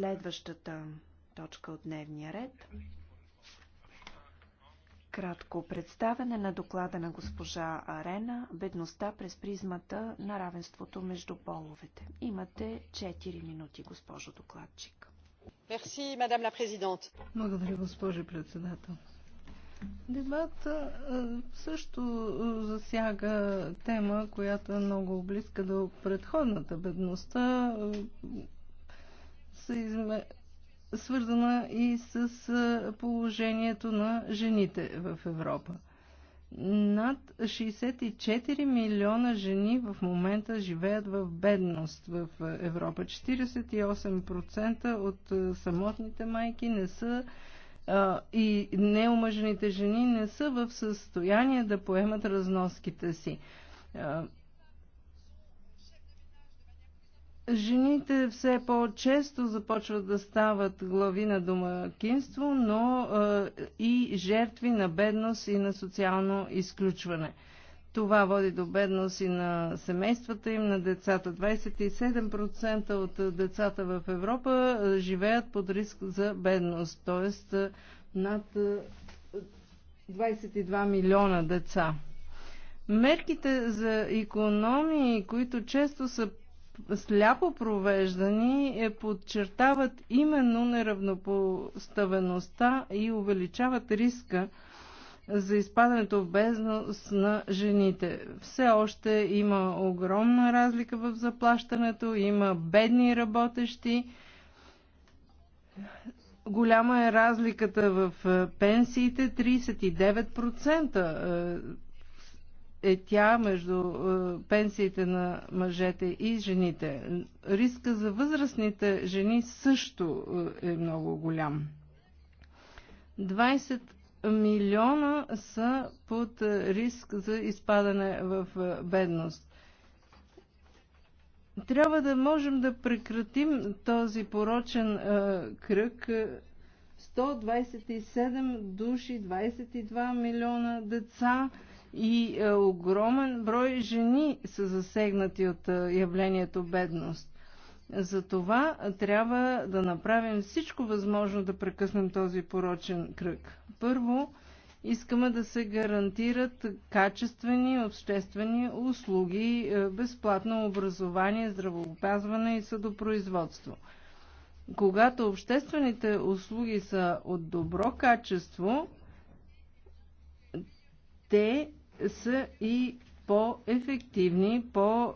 Следващата точка от дневния ред. Кратко представяне на доклада на госпожа Арена «Бедността през призмата на равенството между половете». Имате 4 минути, госпожо докладчик. Merci, madame la présidente. Благодаря, госпожо председател. Дебат също засяга тема, която е много близка до предходната бедността, са изме... свързана и с положението на жените в Европа. Над 64 милиона жени в момента живеят в бедност в Европа. 48% от самотните майки не са и неумъжените жени не са в състояние да поемат разноските си. Жените все по-често започват да стават глави на домакинство, но е, и жертви на бедност и на социално изключване. Това води до бедност и на семействата им, на децата. 27% от децата в Европа е, живеят под риск за бедност, т.е. над 22 е, милиона деца. Мерките за економии, които често са сляпо провеждани е, подчертават именно неравнопоставеността и увеличават риска за изпадането в бездност на жените. Все още има огромна разлика в заплащането, има бедни работещи, голяма е разликата в е, пенсиите 39%. Е тя между е, пенсиите на мъжете и жените. Риска за възрастните жени също е, е много голям. 20 милиона са под риск за изпадане в е, бедност. Трябва да можем да прекратим този порочен кръг 127 души, 22 милиона деца и е, огромен брой жени са засегнати от е, явлението бедност. Затова трябва да направим всичко възможно да прекъснем този порочен кръг. Първо, искаме да се гарантират качествени обществени услуги, е, безплатно образование, здравоопазване и съдопроизводство. Когато обществените услуги са от добро качество, те са и по-ефективни, по-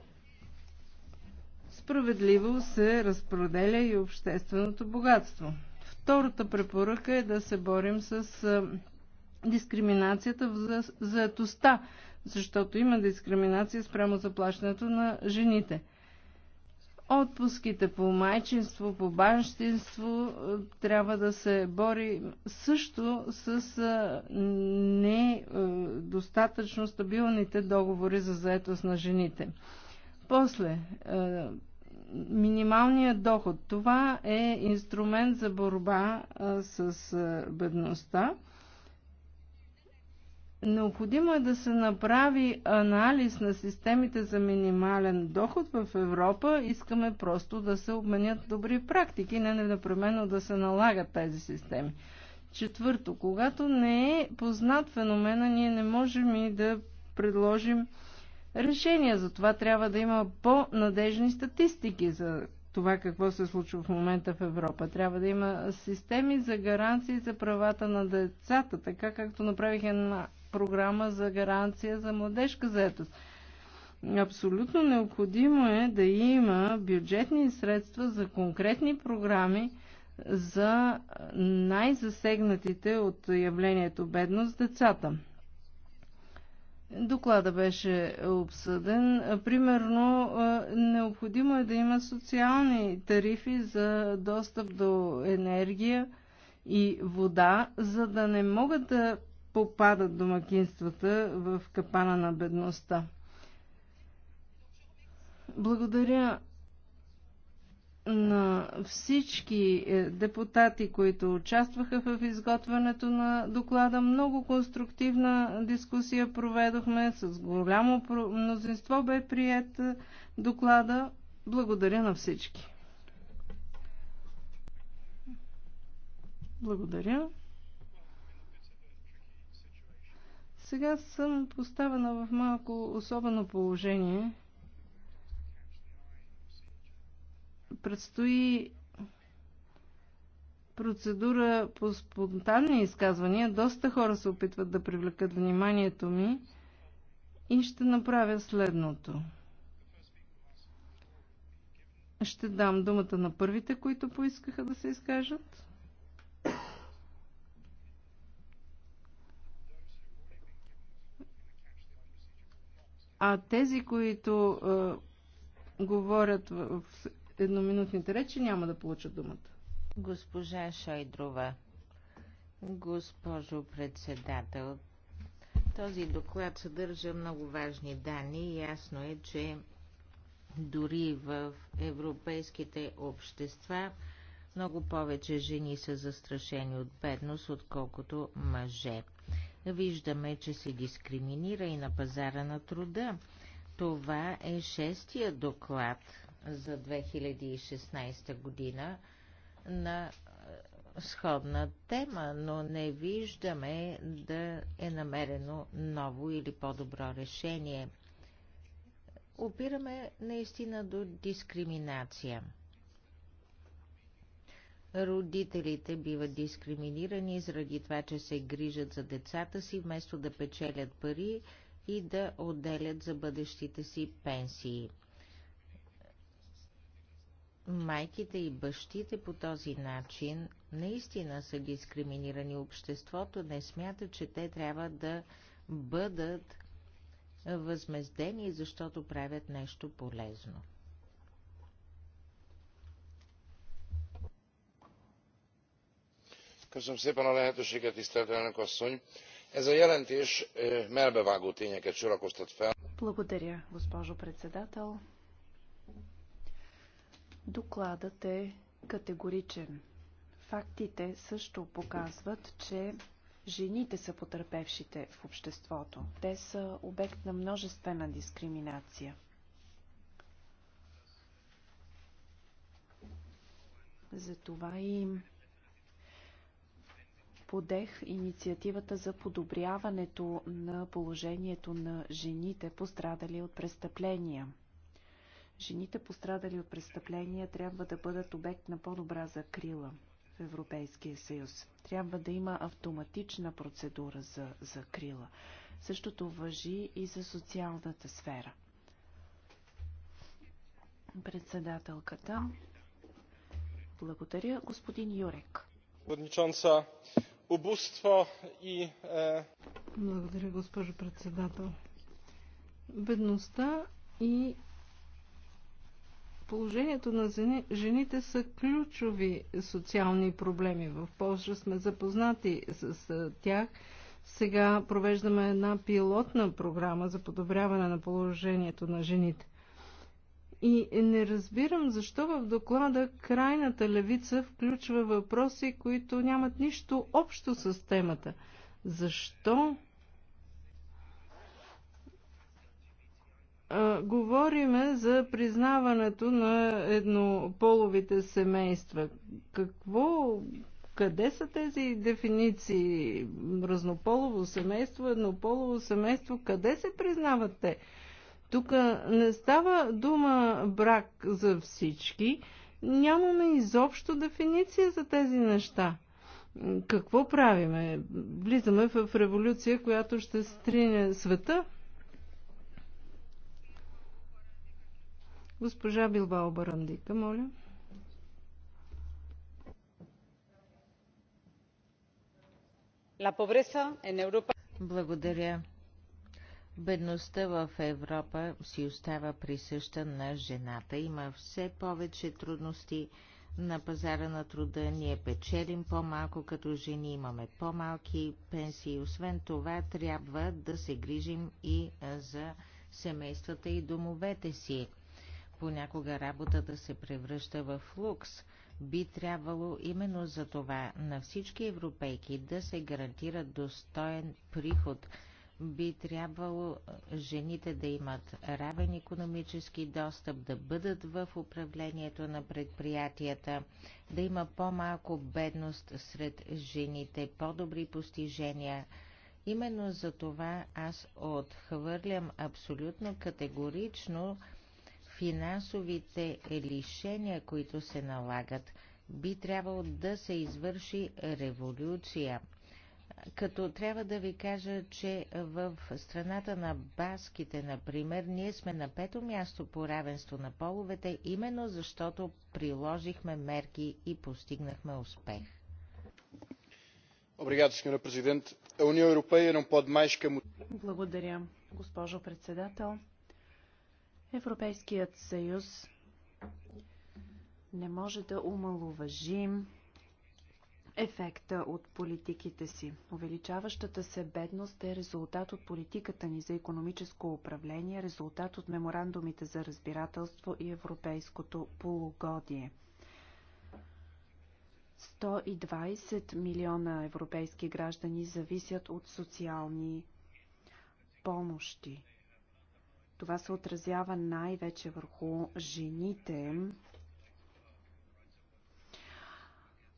справедливо се разпределя и общественото богатство. Втората препоръка е да се борим с дискриминацията в заетостта, защото има дискриминация спрямо заплащането на жените – отпуските по майчинство, по банщинство е, трябва да се бори също с е, недостатъчно е, стабилните договори за заетост на жените. После, минималният доход. Това е инструмент за борба с бедността Необходимо е да се направи анализ на системите за минимален доход в Европа. Искаме просто да се обменят добри практики, не непременно да се налагат тези системи. Четвърто, когато не е познат феномена, ние не можем и да предложим решения. За това трябва да има по-надежни статистики за това какво се случва в момента в Европа. Трябва да има системи за гаранции за правата на децата, така както направих една програма за гаранция за младежка заетост. Абсолютно необходимо е да има бюджетни средства за конкретни програми за най-засегнатите от явлението бедност децата. Доклада беше обсъден. Примерно, е, необходимо е да има социални тарифи за достъп до енергия и вода, за да не могат да попадат домакинствата в капана на бедността. Благодаря на всички е, депутати, които участваха в изготвянето на доклада. Много конструктивна дискусия проведохме, с голямо мнозинство бе прият е, доклада. Благодаря на всички. Благодаря. Сега съм поставена в малко особено положение. Предстои процедура по спонтанни изказвания. Доста хора се опитват да привлекат вниманието ми и ще направя следното. Ще дам думата на първите, които поискаха да се изкажат. А тези, които а, говорят в едноминутните речи, няма да получат думата. Госпожа Шайдрова, госпожо председател, този доклад съдържа много важни данни. Ясно е, че дори в европейските общества много повече жени са застрашени от бедност, отколкото мъже. Виждаме, че се дискриминира и на пазара на труда. Това е шестия доклад за 2016 година на е, сходна тема, но не виждаме да е намерено ново или по-добро решение. Опираме наистина до дискриминация – Родителите биват дискриминирани заради това, че се грижат за децата си, вместо да печелят пари и да отделят за бъдещите си пенсии. Майките и бащите по този начин наистина са дискриминирани. Обществото не смята, че те трябва да бъдат възмездени, защото правят нещо полезно. Благодаря, госпожо председател. Докладът е категоричен. Фактите също показват, че жените са потърпевшите в обществото. Те са обект на множествена дискриминация. Затова и подех инициативата за подобряването на положението на жените, пострадали от престъпления. Жените, пострадали от престъпления, трябва да бъдат обект на по-добра закрила в Европейския съюз. Трябва да има автоматична процедура за закрила. Същото въжи и за социалната сфера. Председателката. Благодаря, господин Юрек убийство и... Е, Благодаря, госпожо председател. Бедността и положението на жените са ключови социални проблеми. В Польша сме запознати с е, тях. Сега провеждаме една пилотна програма за подобряване на положението на жените. И не разбирам защо в доклада крайната левица включва въпроси, които нямат нищо общо с темата. Защо говориме за признаването на еднополовите семейства. Какво, къде са тези дефиниции? Разнополово семейство, еднополово семейство, къде се признават те? Тук не става дума брак за всички. Нямаме изобщо дефиниция за тези неща. Какво правиме? Влизаме в революция, която ще стрине света? Госпожа Билбао Барандика, моля. Благодаря. Бедността в Европа си остава присъща на жената. Има все повече трудности на пазара на труда. Ние печелим по-малко като жени, имаме по-малки пенсии. Освен това, трябва да се грижим и за семействата и домовете си. Понякога работата се превръща в лукс. Би трябвало именно за това на всички европейки да се гарантира достоен приход – би трябвало е, жените да имат равен економически достъп, да бъдат в управлението на предприятията, да има по-малко бедност сред жените, по-добри постижения. Именно за това аз отхвърлям абсолютно категорично финансовите лишения, които се налагат. Би трябвало да се извърши революция – като трябва да ви кажа, че в страната на баските, например, ние сме на пето място по равенство на половете, именно защото приложихме мерки и постигнахме успех. Благодаря, госпожо председател. Европейският съюз не може да умалуважим ефекта от политиките си. Увеличаващата се бедност е резултат от политиката ни за економическо управление, резултат от меморандумите за разбирателство и европейското полугодие. 120 милиона европейски граждани зависят от социални помощи. Това се отразява най-вече върху жените,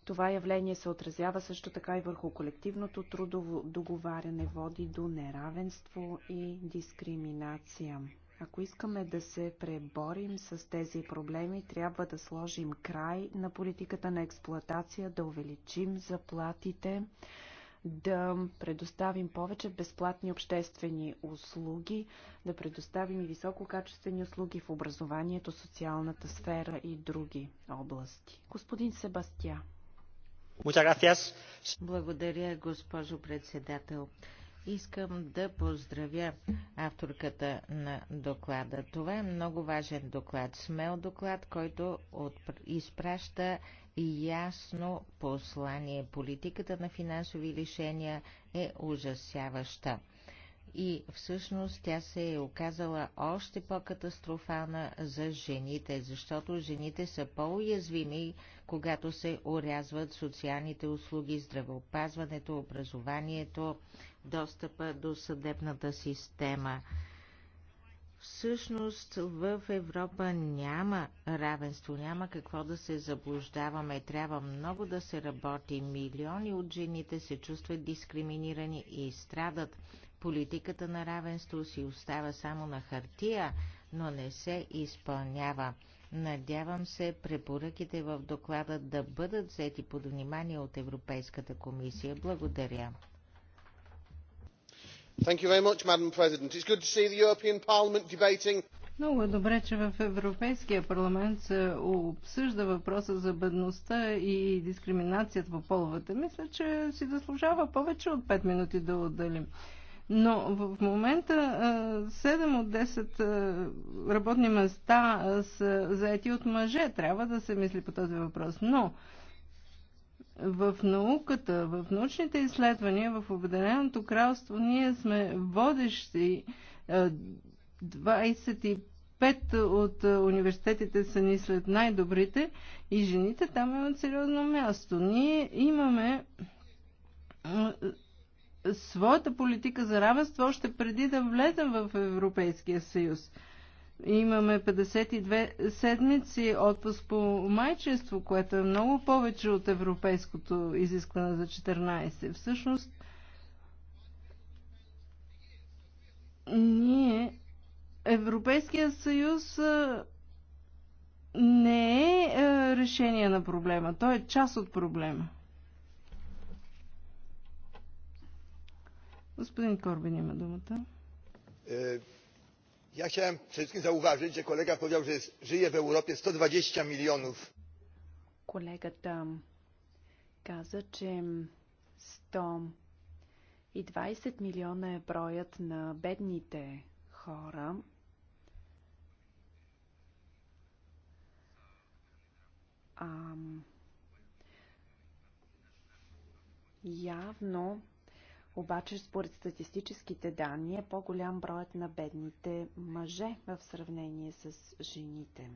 Това явление се отразява също така и върху колективното трудово договаряне, води до неравенство и дискриминация. Ако искаме да се преборим с тези проблеми, трябва да сложим край на политиката на експлоатация, да увеличим заплатите, да предоставим повече безплатни обществени услуги, да предоставим и висококачествени услуги в образованието, социалната сфера и други области. Господин Себастия. Благодаря, госпожо председател. Искам да поздравя авторката на доклада. Това е много важен доклад. Смел доклад, който изпраща ясно послание. Политиката на финансови лишения е ужасяваща и всъщност тя се е оказала още по-катастрофална за жените, защото жените са по-уязвими, когато се урязват социалните услуги, здравеопазването, образованието, достъпа до съдебната система. Всъщност в Европа няма равенство, няма какво да се заблуждаваме. Трябва много да се работи. Милиони от жените се чувстват дискриминирани и страдат Политиката на равенство си остава само на хартия, но не се изпълнява. Надявам се препоръките в доклада да бъдат взети под внимание от Европейската комисия. Благодаря. Много е добре, че в Европейския парламент се обсъжда въпроса за бедността и дискриминацията по половата. Мисля, че си заслужава повече от 5 минути да отделим. Но в момента 7 от 10 работни места са заети от мъже. Трябва да се мисли по този въпрос. Но в науката, в научните изследвания, в Обединеното кралство ние сме водещи. 25 от университетите са ни след най-добрите и жените там имат сериозно място. Ние имаме своята политика за равенство още преди да влезем в Европейския съюз. Имаме 52 седмици отпуск по майчество, което е много повече от европейското изискване за 14. Всъщност, ние, Европейския съюз не е решение на проблема, той е част от проблема. Господин Корбин има думата. Ja chciałem przede wszystkim zauważyć, że kolega powiedział, że żyje w Europie 120 milionów. Колегата каза, че 120 милиона е броят на бедните хора. А, явно обаче, според статистическите данни, е по-голям броят на бедните мъже в сравнение с жените.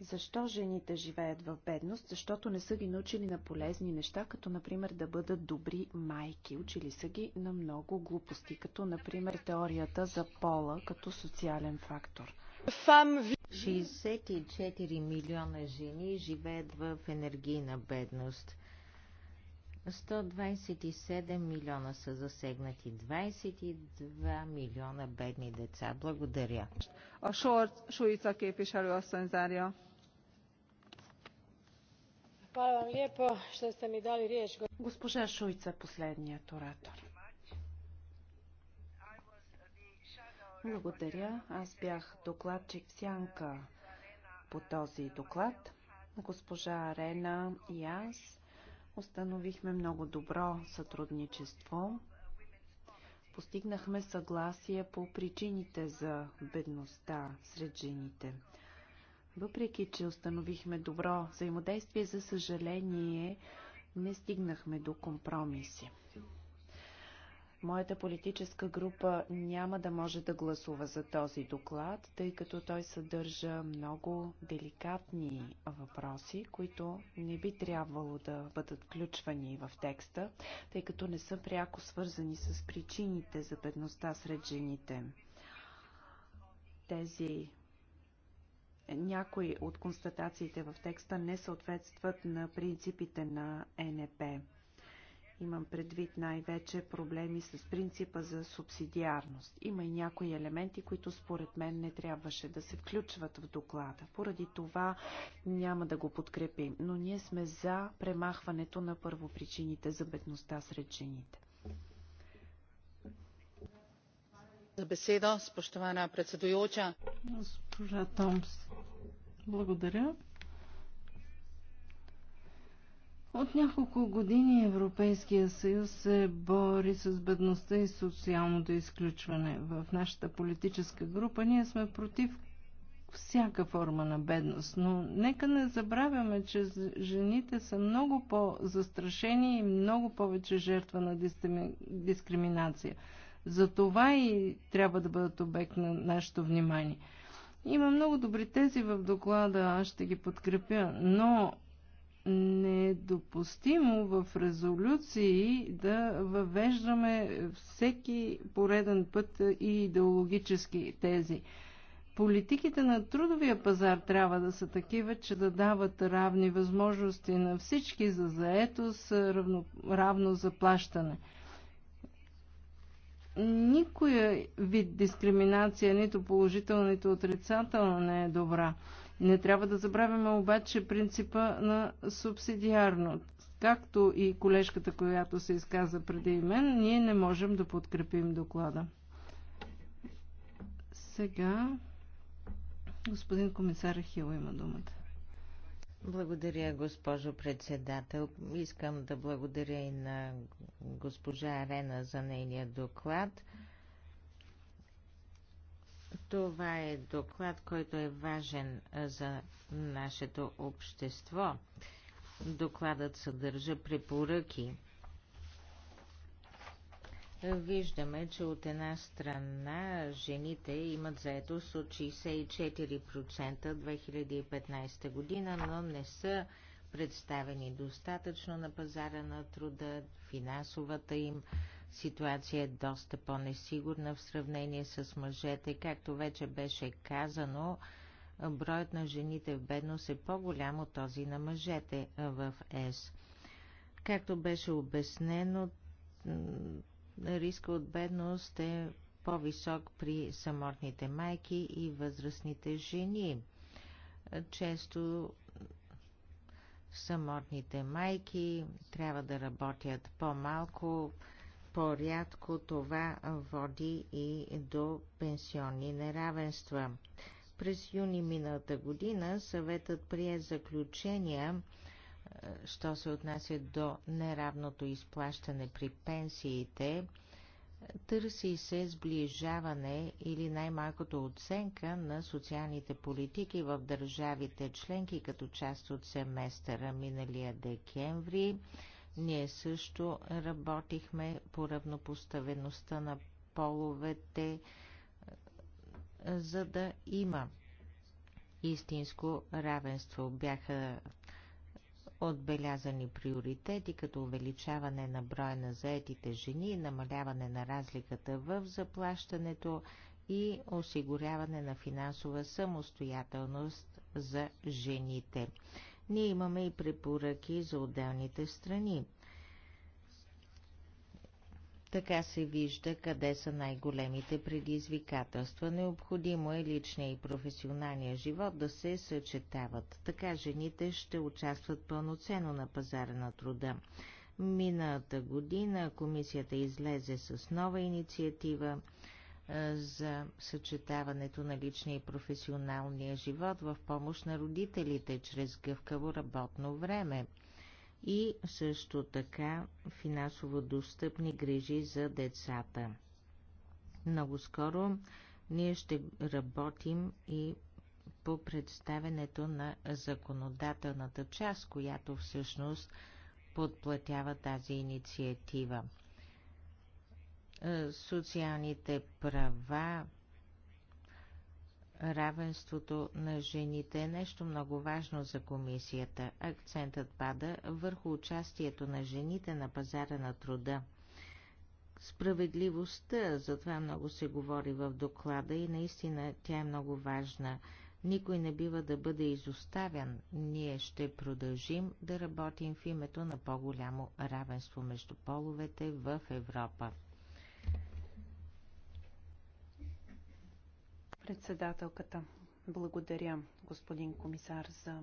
Защо жените живеят в бедност? Защото не са ги научили на полезни неща, като например да бъдат добри майки. Учили са ги на много глупости, като например теорията за пола като социален фактор. 64 милиона жени живеят в енергийна бедност – 127 милиона са засегнати, 22 милиона бедни деца. Благодаря. А шорт, Шуица képviselő asszony Hvala vam lijepo što ste mi dali riječ. Госпожа Шуйца, последният оратор. Благодаря. Аз бях докладчик в Сянка по този доклад. Госпожа Арена и аз Установихме много добро сътрудничество. Постигнахме съгласие по причините за бедността сред жените. Въпреки, че установихме добро взаимодействие, за съжаление не стигнахме до компромиси. Моята политическа група няма да може да гласува за този доклад, тъй като той съдържа много деликатни въпроси, които не би трябвало да бъдат включвани в текста, тъй като не са пряко свързани с причините за бедността сред жените. Тези някои от констатациите в текста не съответстват на принципите на НП. Имам предвид най-вече проблеми с принципа за субсидиарност. Има и някои елементи, които според мен не трябваше да се включват в доклада. Поради това няма да го подкрепим, но ние сме за премахването на първопричините за бедността сред жените. За беседа, спощована председуюча. Госпожа Томс, благодаря. От няколко години Европейския съюз се бори с бедността и социалното изключване. В нашата политическа група ние сме против всяка форма на бедност, но нека не забравяме, че жените са много по-застрашени и много повече жертва на дискриминация. За това и трябва да бъдат обект на нашето внимание. Има много добри тези в доклада, аз ще ги подкрепя, но недопустимо в резолюции да въвеждаме всеки пореден път и идеологически тези. Политиките на трудовия пазар трябва да са такива, че да дават равни възможности на всички за заетост, равно, равно заплащане. Никоя вид дискриминация, нито положителна, нито отрицателна не е добра. Не трябва да забравяме обаче принципа на субсидиарност. Както и колежката, която се изказа преди мен, ние не можем да подкрепим доклада. Сега господин комисар Хил има думата. Благодаря, госпожо председател. Искам да благодаря и на госпожа Арена за нейния доклад. Това е доклад, който е важен за нашето общество. Докладът съдържа препоръки. Виждаме, че от една страна жените имат заетост от 64% 2015 година, но не са представени достатъчно на пазара на труда, финансовата им ситуация е доста по-несигурна в сравнение с мъжете. Както вече беше казано, броят на жените в бедност е по-голям от този на мъжете в ЕС. Както беше обяснено, риска от бедност е по-висок при самотните майки и възрастните жени. Често самотните майки трябва да работят по-малко, по-рядко това води и до пенсионни неравенства. През юни миналата година съветът прие заключения, що се отнася до неравното изплащане при пенсиите, търси се сближаване или най-малкото оценка на социалните политики в държавите членки като част от семестъра миналия декември. Ние също работихме по равнопоставеността на половете, е, за да има истинско равенство. Бяха отбелязани приоритети, като увеличаване на броя на заетите жени, намаляване на разликата в заплащането и осигуряване на финансова самостоятелност за жените. Ние имаме и препоръки за отделните страни. Така се вижда къде са най-големите предизвикателства. Необходимо е личния и професионалния живот да се съчетават. Така жените ще участват пълноценно на пазара на труда. Миналата година комисията излезе с нова инициатива – за съчетаването на личния и професионалния живот в помощ на родителите чрез гъвкаво работно време и също така финансово достъпни грижи за децата. Много скоро ние ще работим и по представенето на законодателната част, която всъщност подплатява тази инициатива. Е, социалните права, равенството на жените е нещо много важно за комисията. Акцентът пада върху участието на жените на пазара на труда. Справедливостта, затова много се говори в доклада и наистина тя е много важна. Никой не бива да бъде изоставен. Ние ще продължим да работим в името на по-голямо равенство между половете в Европа. Председателката. Благодаря, господин комисар, за